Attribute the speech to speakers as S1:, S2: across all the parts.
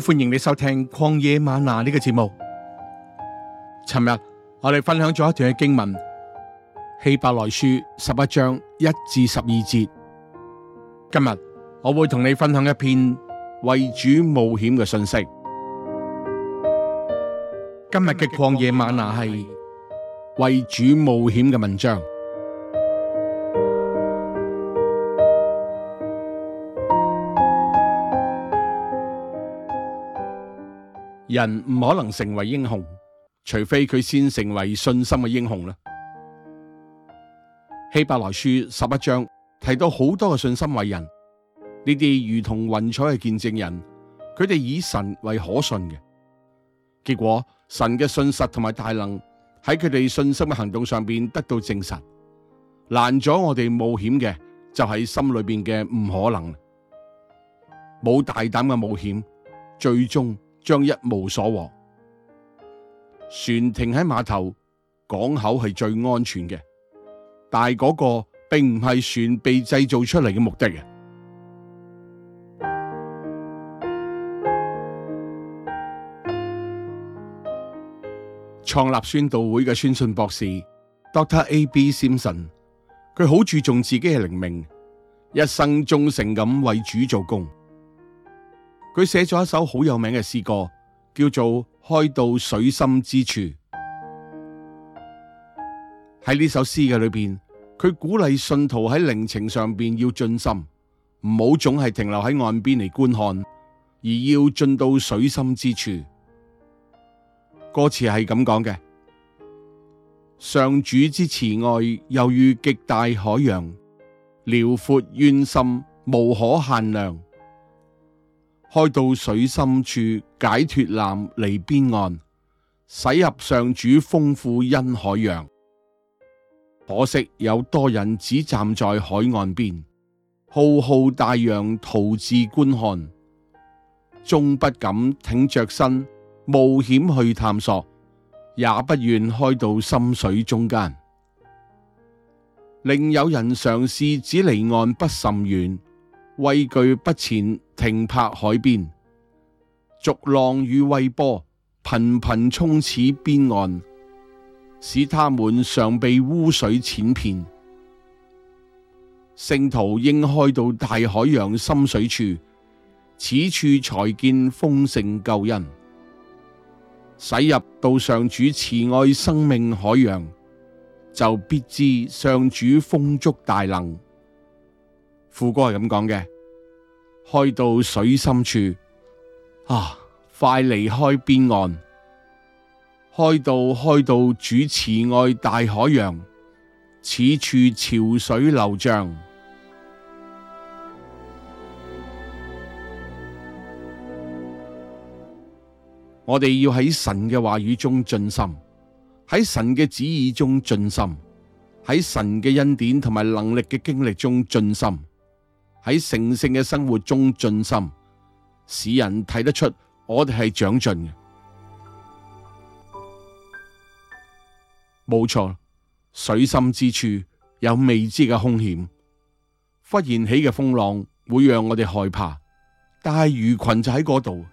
S1: 歡迎你收聽曠野嗎哪呢個節目。尋日我哋分享咗一段嘅經文，希伯來書十一章一至十二節。今日我會同你分享一篇為主冒險嘅信息。今日嘅曠野嗎哪係為主冒險嘅文章。人唔可能成為英雄，除非佢先成為信心嘅英雄啦。希伯來書十一章提到好多嘅信心偉人，呢啲如同雲彩嘅見證人，佢哋以神為可信嘅。結果神嘅信實同埋大能喺佢哋信心嘅行動上邊得到證實。難咗我哋冒險嘅就係、是、心裏邊嘅唔可能，冇大膽嘅冒險，最終。將一無所獲。船停喺碼頭，港口係最安全嘅，但嗰個並唔係船被製造出嚟嘅目的嘅。創立宣道會嘅宣信博士 Doctor A. B. Simpson，佢好注重自己係靈命，一生忠誠咁為主做工。佢寫咗一首好有名嘅詩歌，叫做《開到水深之處》。喺呢首詩嘅裏邊，佢鼓勵信徒喺靈情上邊要進深，唔好總係停留喺岸邊嚟，觀看，而要進到水深之處。歌詞係咁講嘅：上主之慈愛猶如極大海洋，遼闊淵深，無可限量。開到水深處，解脫纜離邊岸，駛入上主豐富恩海洋。可惜有多人只站在海岸邊，浩浩大洋徒自觀看，終不敢挺着身冒險去探索，也不願開到深水中間。另有人嘗試只離岸不甚遠。畏懼不前，停泊海邊，逐浪與微波頻頻沖此邊岸，使他們常被污水淺騙。聖徒應開到大海洋深水處，此處才見豐盛救恩。駛入到上主慈愛生命海洋，就必知上主豐足大能。副歌係咁講嘅：開到水深處啊，快離開邊岸！開到開到主慈愛大海洋，此處潮水流漲。 我哋要喺神嘅話語中進深，喺神嘅旨意中進深，喺神嘅恩典同埋能力嘅經歷中進深。喺成聖嘅生活中盡心，使人睇得出我哋係長進嘅。冇錯，水深之處有未知嘅凶險，忽然起嘅風浪會讓我哋害怕。但係魚群就喺嗰度，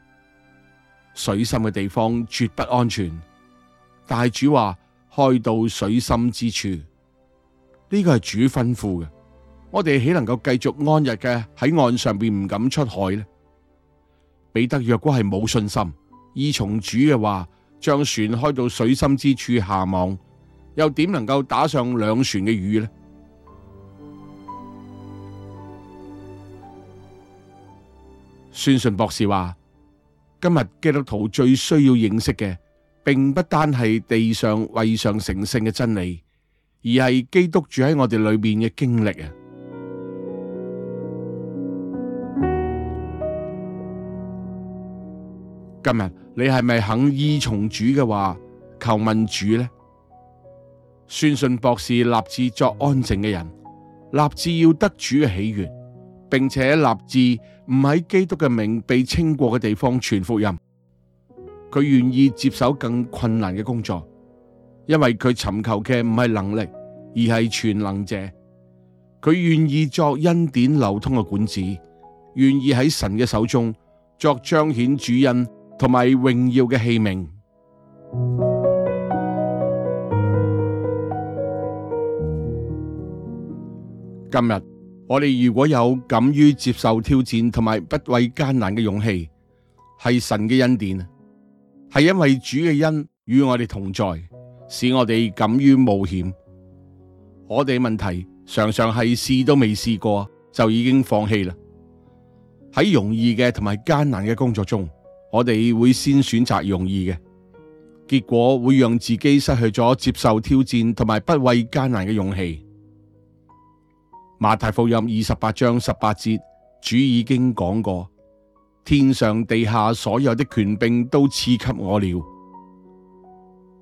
S1: 水深嘅地方絕不安全。但主話開到水深之處，呢、這個係主吩咐嘅。我哋豈能夠繼續安逸嘅喺岸上邊唔敢出海呢？彼得若果係冇信心依從主嘅話，將船開到水深之處下網，又點能夠打上兩船嘅魚呢？宣信博士話：今日基督徒最需要認識嘅，並不單係地上、位上成聖嘅真理，而係基督住喺我哋裏面嘅經歷啊！今日你係咪肯依從主嘅話，求問主呢？宣信博士立志作安靜嘅人，立志要得主嘅喜悅，並且立志唔喺基督嘅名被稱過嘅地方傳福音。佢願意接手更困難嘅工作，因為佢尋求嘅唔係能力，而係全能者。佢願意作恩典流通嘅管子，願意喺神嘅手中作彰顯主恩。同埋榮耀嘅器皿。今日我哋如果有敢於接受挑戰，同埋不畏艱難嘅勇氣，係神嘅恩典，係因為主嘅恩與我哋同在，使我哋敢於冒險。我哋問題常常係試都未試過就已經放棄啦。喺容易嘅同埋艱難嘅工作中。我哋會先選擇容易嘅，結果會讓自己失去咗接受挑戰同埋不畏艱難嘅勇氣。馬太福音二十八章十八節，主已經講過，天上地下所有的權柄都賜給我了。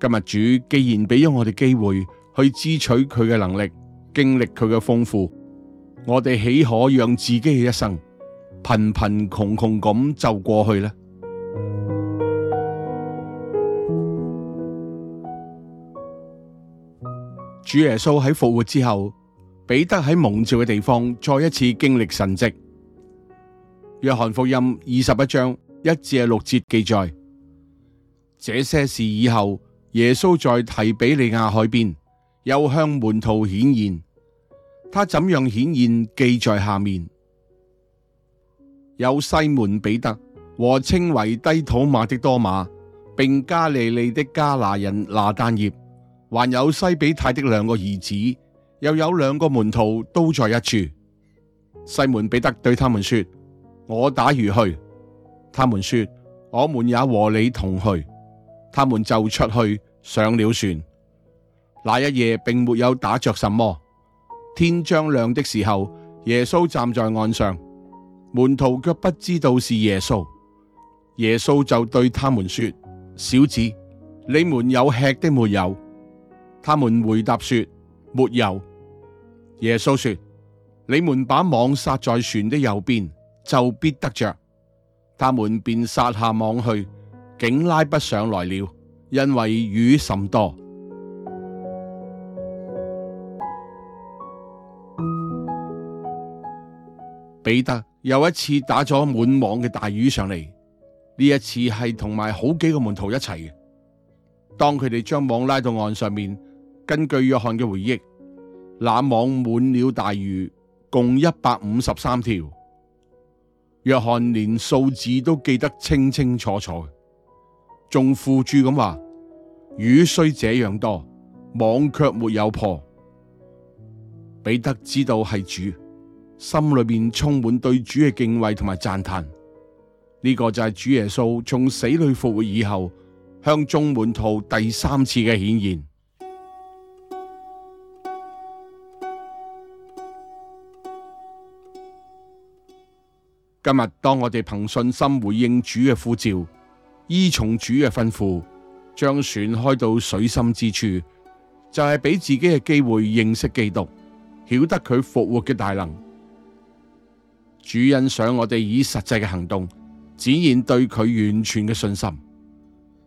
S1: 今日主既然俾咗我哋機會去支取佢嘅能力，經歷佢嘅豐富，我哋豈可讓自己嘅一生貧貧窮窮咁就過去呢？主耶穌喺復活之後，彼得喺蒙召嘅地方再一次經歷神跡。約翰福音二十一章一至六節記載：這些事以後耶穌在提比利亞海邊又向門徒顯現，他怎樣顯現，記在下面。有西門彼得和稱為低土馬的多馬，並加利利的加拿人拿但業還有西庇太的兩個兒子，又有兩個門徒都在一處。西門彼得對他們說：我打魚去。他們說：我們也和你同去。他們就出去上了船。那一夜並沒有打着什麼。天將亮的時候，耶穌站在岸上，門徒卻不知道是耶穌。耶穌就對他們說：小子，你們有吃的沒有？他們回答說：沒有。耶穌說：你們把網撒在船的右邊，就必得着。他們便撒下網去，竟拉不上來了，因為魚甚多。彼得又一次打咗滿網嘅大魚上嚟，呢一次係同埋好幾個門徒一齊嘅。當佢哋將網拉到岸上面。根據約翰嘅回憶，那網滿了大魚，共一百五十三條。約翰連數字都記得清清楚楚，仲附註咁話：魚雖這樣多，網卻沒有破。彼得知道係主，心裏面充滿對主嘅敬畏同埋讚嘆。呢、這個就係主耶穌從死裏復活以後，向眾門徒第三次嘅顯現。今日當我哋憑信心回應主嘅呼召，依從主嘅吩咐，將船開到水深之處，就係畀自己嘅機會認識基督，曉得佢復活嘅大能。主欣賞我哋以實際嘅行動展現對佢完全嘅信心。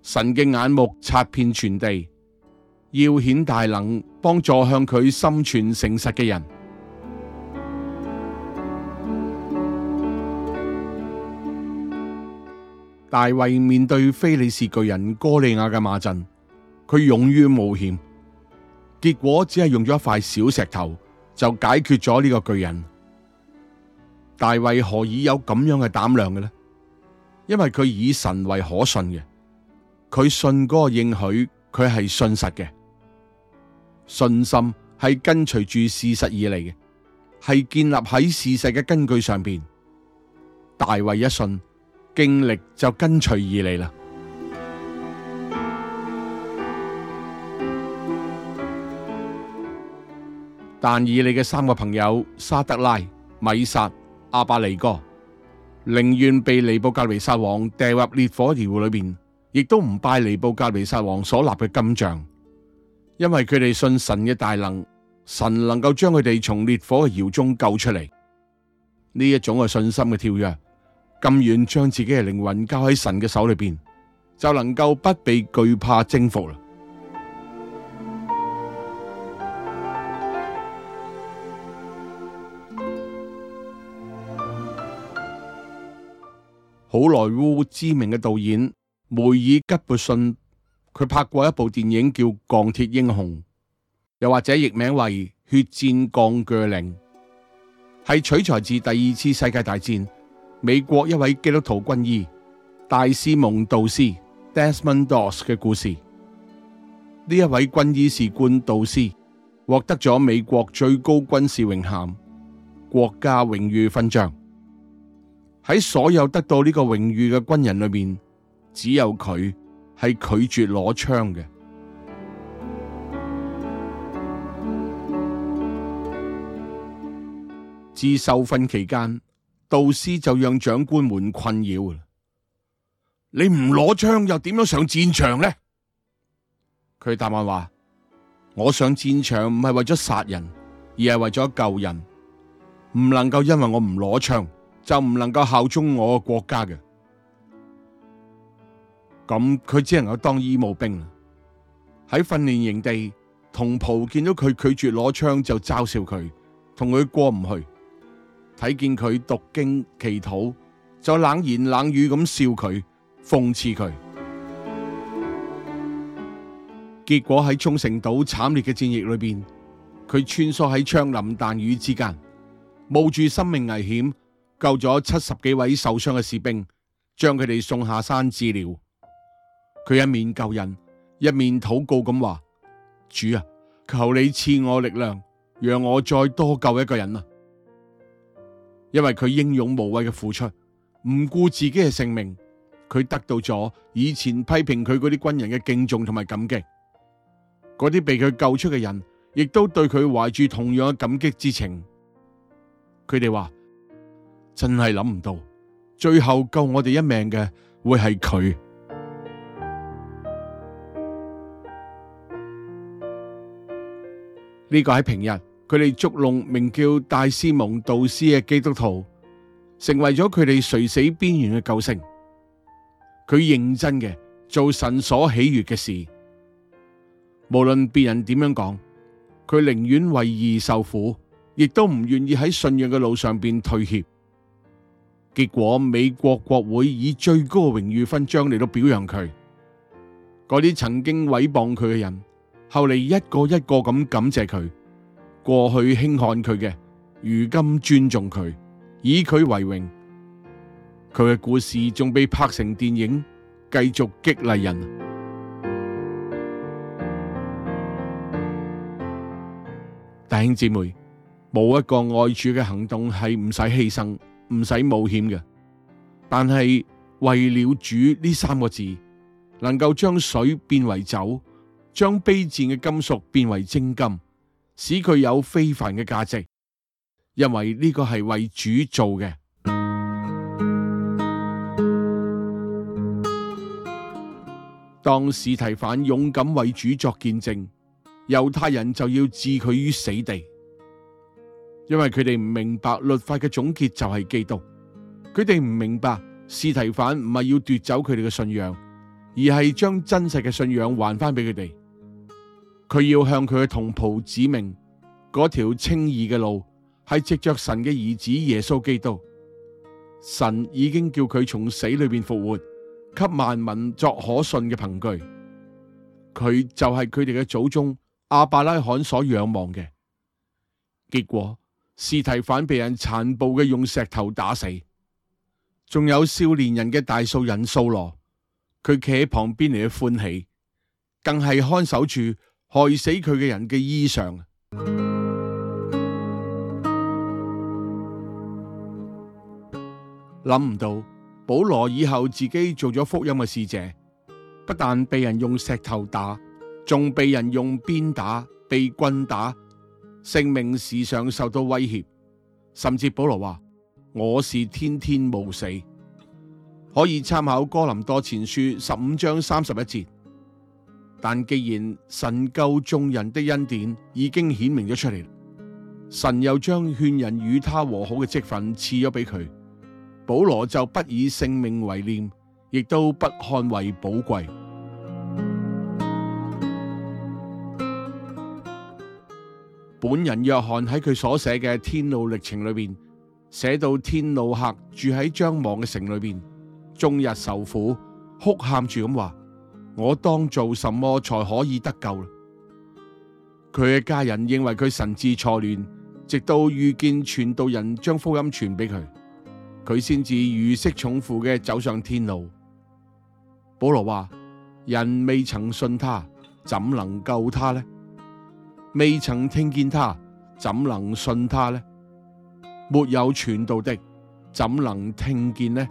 S1: 神嘅眼目察遍全地，要顯大能幫助向佢心存誠實嘅人。大衛面對非利士巨人哥利亞嘅罵陣，佢勇於冒險，結果只係用咗一塊小石頭就解決咗呢個巨人。大衛何以有咁樣嘅膽量嘅呢？因為佢以神為可信嘅，佢信嗰個應許，佢係信實嘅。信心係跟隨住事實而嚟嘅，係建立喺事實嘅根據上邊。大衛一信。經歷就跟隨而嚟啦。但以理嘅三個朋友沙得拉、米煞、亞伯尼歌，寧願被尼布甲尼撒王掟入烈火窯裏邊，亦都唔拜尼布甲尼撒王所立嘅金像，因為佢哋信神嘅大能，神能夠將佢哋從烈火嘅窯中救出嚟。呢一種係信心嘅跳躍。咁遠將自己嘅靈魂交喺神嘅手裏邊，就能夠不被懼怕征服啦。 好萊塢知名嘅導演梅爾吉布遜，佢拍過一部電影叫《鋼鐵英雄》，又或者譯名為《血戰鋼鋸嶺》，係取材自第二次世界大戰。美國一位基督徒軍醫戴斯蒙道斯 （Desmond Doss） 嘅故事。呢一位軍醫士官道斯，獲得咗美國最高軍事榮銜——國家榮譽勳章。喺所有得到呢個榮譽嘅軍人裏面，只有佢係拒絕攞槍嘅。自受訓期間。導師就讓長官們困擾啦。你唔攞槍又點樣上戰場呢？佢答話：我上戰場唔係為咗殺人，而係為咗救人。唔能夠因為我唔攞槍，就唔能夠效忠我嘅國家嘅。咁佢只能夠當醫務兵啦。喺訓練營地，同袍見到佢拒絕攞槍就嘲笑佢，同佢過唔去。睇見佢讀經祈禱，就冷言冷語咁笑佢，諷刺佢。結果喺沖繩島慘烈嘅戰役裏邊，佢穿梭喺槍林彈雨之間，冒住生命危險救咗七十幾位受傷嘅士兵，將佢哋送下山治療。佢一面救人，一面禱告咁話：主啊，求你賜我力量，讓我再多救一個人啊！因為佢英勇無畏嘅付出，唔顧自己嘅性命，佢得到咗以前批評佢嗰啲軍人嘅敬重同埋感激。嗰啲被佢救出嘅人，亦都對佢懷住同樣嘅感激之情。佢哋話：真係諗唔到，最後救我哋一命嘅會係佢。呢個喺平日。佢哋捉弄名叫戴斯蒙道斯嘅基督徒，成為咗佢哋垂死邊緣嘅救星。佢認真嘅做神所喜悅嘅事，無論別人點樣講，佢寧願為義受苦，亦都唔願意喺信仰嘅路上邊退怯。結果美國國會以最高嘅榮譽勳章嚟到表揚佢。嗰啲曾經誹謗佢嘅人，後嚟一個一個咁感謝佢。過去輕看佢嘅，如今尊重佢，以佢為榮。佢嘅故事仲被拍成電影，繼續激勵人。弟兄姊妹，冇一個愛主嘅行動係唔使犧牲、唔使冒險嘅。但係為了主呢三個字，能夠將水變為酒，將卑賤嘅金屬變為精金。使佢有非凡嘅價值，因為呢個係為主做嘅。當司提反勇敢為主作見證，猶太人就要置佢於死地，因為佢哋唔明白律法嘅總結就係基督，佢哋唔明白司提反唔係要奪走佢哋嘅信仰，而係將真實嘅信仰還翻俾佢哋。佢要向佢嘅同袍指明嗰條稱義嘅路，係藉着神嘅兒子耶穌基督，神已經叫佢從死裏邊復活，給萬民作可信嘅憑據。佢就係佢哋嘅祖宗亞伯拉罕所仰望嘅。結果司提反被人殘暴嘅用石頭打死，仲有少年人嘅大數人掃羅，佢企喺旁邊嚟嘅歡喜，更係看守住害死佢嘅人嘅衣裳。諗唔到保羅以後自己做咗福音嘅使者，不但被人用石頭打，仲被人用鞭打、被棍打，性命時常受到威脅。甚至保羅話：「我是天天冒死。可以參考哥林多前書十五章三十一節。但既然神救眾人的恩典已經顯明咗出嚟，神又將勸人與他和好嘅職份賜咗俾佢，保羅就不以性命為念，亦都不看為寶貴。本人約翰喺佢所寫嘅天路歷程裏邊，寫到天路客住喺將亡嘅城裏邊，終日受苦，哭喊住咁話。我當做什麼才可以得救啦？佢嘅家人認為佢神志錯亂，直到遇見傳道人將福音傳俾佢，佢先至如釋重負嘅走上天路。保羅話：人未曾信他，怎能救他呢？未曾聽見他，怎能信他呢？沒有傳道的，怎能聽見呢？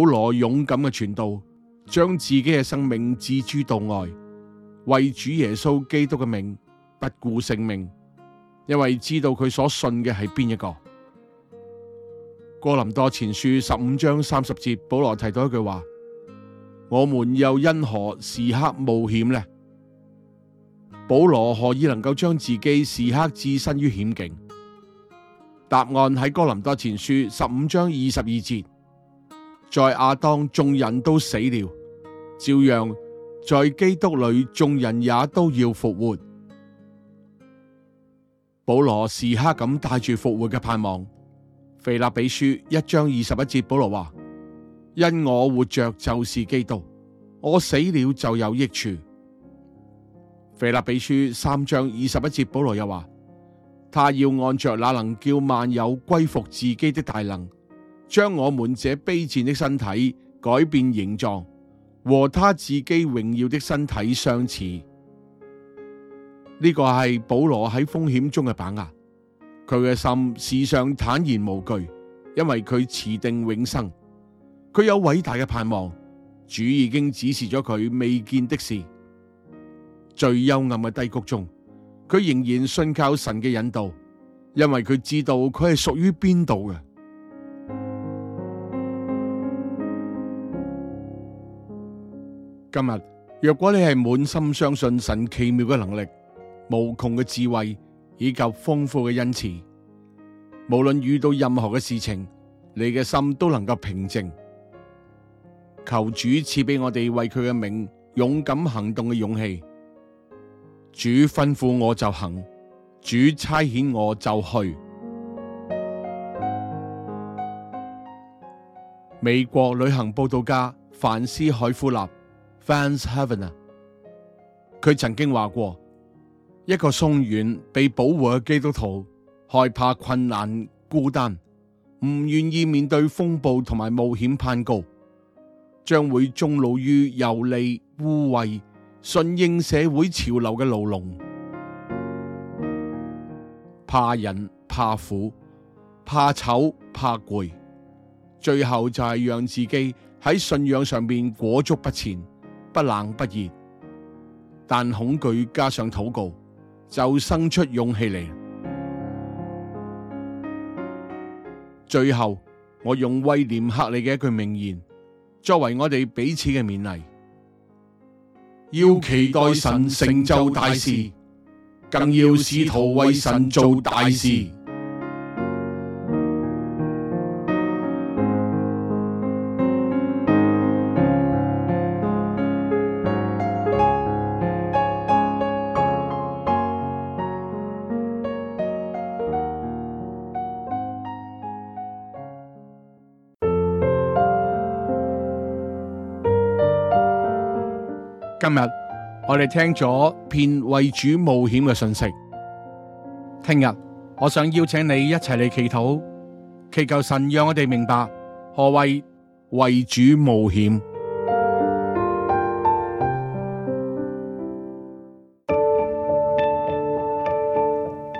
S1: 保羅勇敢嘅傳道，將自己嘅生命置諸度外，為主耶穌基督嘅名不顧性命，因為知道佢所信嘅係邊一個。哥林多前書十五章三十節，保羅提到一句話：我們又因何時刻冒險呢？保羅何以能夠將自己時刻置身於險境？答案喺哥林多前書十五章二十二節。在亞當，眾人都死了，照樣在基督裏，眾人也都要復活。保羅時刻咁帶住復活嘅盼望。腓立比書一章二十一節，保羅話：因我活着就是基督，我死了就有益處。腓立比書三章二十一節，保羅又話：他要按着那能叫萬有歸服自己的大能。將我們這卑賤的身體改變形狀，和他自己榮耀的身體相似。呢、這個係保羅喺風險中嘅把握，佢嘅心事上坦然無懼，因為佢持定永生。佢有偉大嘅盼望，主已經指示咗佢未見的事。最幽暗嘅低谷中，佢仍然信靠神嘅引導，因為佢知道佢係屬於邊度嘅。今日若果你係滿心相信神奇妙嘅能力，無窮嘅智慧以及豐富嘅恩賜，無論遇到任何嘅事情，你嘅心都能夠平靜。求主賜俾我哋為佢嘅名勇敢行動嘅勇氣。主吩咐我就行，主差遣我就去。美國旅行報道家范斯海夫納。Vance Havner，佢曾經話過：，一個鬆軟被保護嘅基督徒，害怕困難、孤單，唔願意面對風暴同埋冒險攀高，將會終老於有利、污穢、順應社會潮流嘅牢籠。怕人、怕苦、怕醜、怕攰，最後就係讓自己喺信仰上面裹足不前。不冷不熱，但恐懼加上禱告就生出勇氣嚟。最後，我用威廉克里嘅一句名言作為我哋彼此嘅勉勵：要期待神成就大事，更要試圖為神做大事。今日我哋聽咗片為主冒險嘅信息，聽日我想邀請你一齊嚟祈禱，祈求神讓我哋明白何謂為主冒險。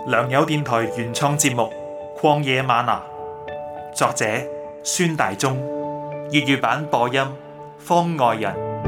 S1: 良友電台原創節目《曠野嗎哪》，作者孫大中，粵語版播音方外人。